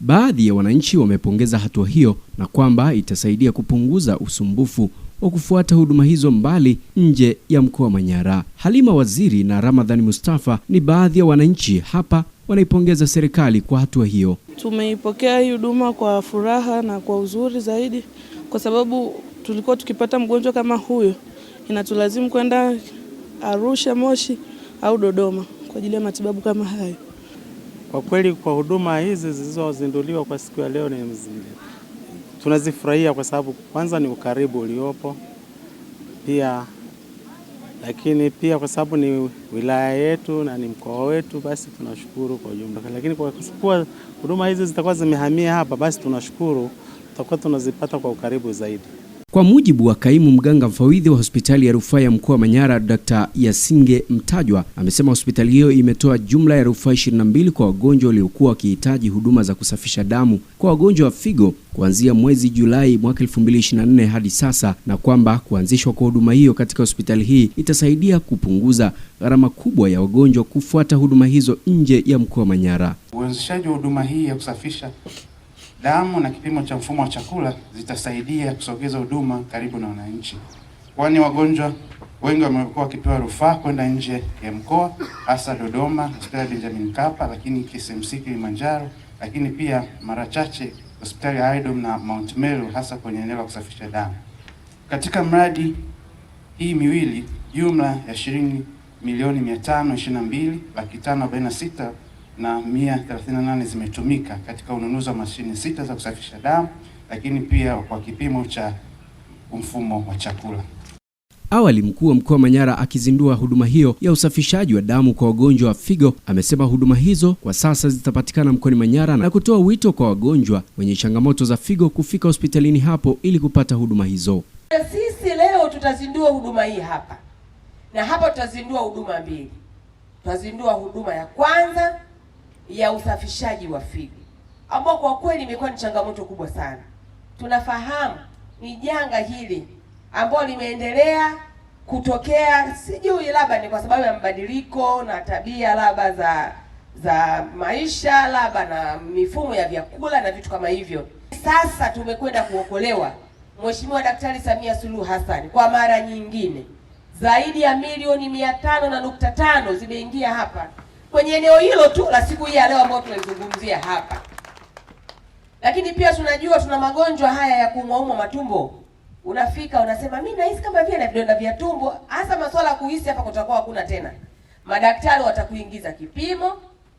Baadhi ya wananchi wamepongeza hatua hiyo na kwamba itasaidia kupunguza usumbufu wa kufuata huduma hizo mbali nje ya mkoa wa Manyara. Halima Waziri na Ramadhani Mustafa ni baadhi ya wananchi hapa wanaipongeza serikali kwa hatua hiyo. Tumeipokea hii huduma kwa furaha na kwa uzuri zaidi, kwa sababu tulikuwa tukipata mgonjwa kama huyo inatulazimu kwenda Arusha, Moshi au Dodoma kwa ajili ya matibabu kama hayo. Kwa kweli kwa huduma hizi zilizozinduliwa kwa siku ya leo ni mzuri, tunazifurahia kwa sababu kwanza ni ukaribu uliopo pia, lakini pia kwa sababu ni wilaya yetu na ni mkoa wetu, basi tunashukuru kwa ujumla. Lakini kwa kuwa huduma hizi zitakuwa zimehamia hapa, basi tunashukuru, tutakuwa tunazipata kwa ukaribu zaidi. Kwa mujibu wa kaimu mganga mfawidhi wa hospitali ya rufaa ya mkoa wa Manyara, Dr. Yasinge Mtajwa amesema hospitali hiyo imetoa jumla ya rufaa 22 kwa wagonjwa waliokuwa wakihitaji huduma za kusafisha damu kwa wagonjwa wa figo kuanzia mwezi Julai mwaka 2024 hadi sasa, na kwamba kuanzishwa kwa huduma hiyo katika hospitali hii itasaidia kupunguza gharama kubwa ya wagonjwa kufuata huduma hizo nje ya mkoa wa Manyara. Uanzishaji wa huduma hii ya kusafisha damu na kipimo cha mfumo wa chakula zitasaidia kusogeza huduma karibu na wananchi, kwani wagonjwa wengi wamekuwa wakipewa rufaa kwenda nje ya mkoa, hasa Dodoma, hospitali ya Benjamin Mkapa, lakini KCMC Kilimanjaro, lakini pia mara chache hospitali ya Idom na Mount Meru, hasa kwenye eneo la kusafisha damu. Katika mradi hii miwili, jumla ya shilingi milioni mia tano ishirini na mbili laki tano arobaini na sita na 138 zimetumika katika ununuzi wa mashine sita za kusafisha damu, lakini pia kwa kipimo cha mfumo wa chakula. Awali mkuu wa mkoa wa Manyara akizindua huduma hiyo ya usafishaji wa damu kwa wagonjwa wa figo amesema huduma hizo kwa sasa zitapatikana mkoani Manyara na kutoa wito kwa wagonjwa wenye changamoto za figo kufika hospitalini hapo ili kupata huduma hizo. Sisi leo tutazindua huduma hii hapa na hapa tutazindua huduma mbili. Tutazindua huduma ya kwanza ya usafishaji wa figo ambao kwa kweli imekuwa ni changamoto kubwa sana. Tunafahamu ni janga hili ambao limeendelea kutokea, sijui labda ni kwa sababu ya mabadiliko na tabia labda za za maisha labda na mifumo ya vyakula na vitu kama hivyo. Sasa tumekwenda kuokolewa, Mheshimiwa Daktari Samia Suluhu Hassan kwa mara nyingine, zaidi ya milioni mia tano na nukta tano zimeingia hapa kwenye eneo hilo tu la siku hii ya leo ambayo tunalizungumzia hapa. Lakini pia tunajua tuna magonjwa haya ya kuumwaumwa matumbo, unafika unasema mimi nahisi kama vile na vidonda vya tumbo, hasa masuala ya kuhisi hapa kutakuwa hakuna tena. Madaktari watakuingiza kipimo,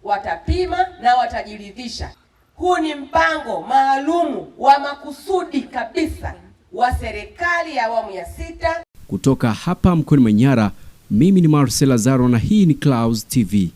watapima na watajiridhisha. Huu ni mpango maalumu wa makusudi kabisa wa serikali ya awamu ya sita. Kutoka hapa mkoani Manyara, mimi ni Marcel Lazaro na hii ni Clouds TV.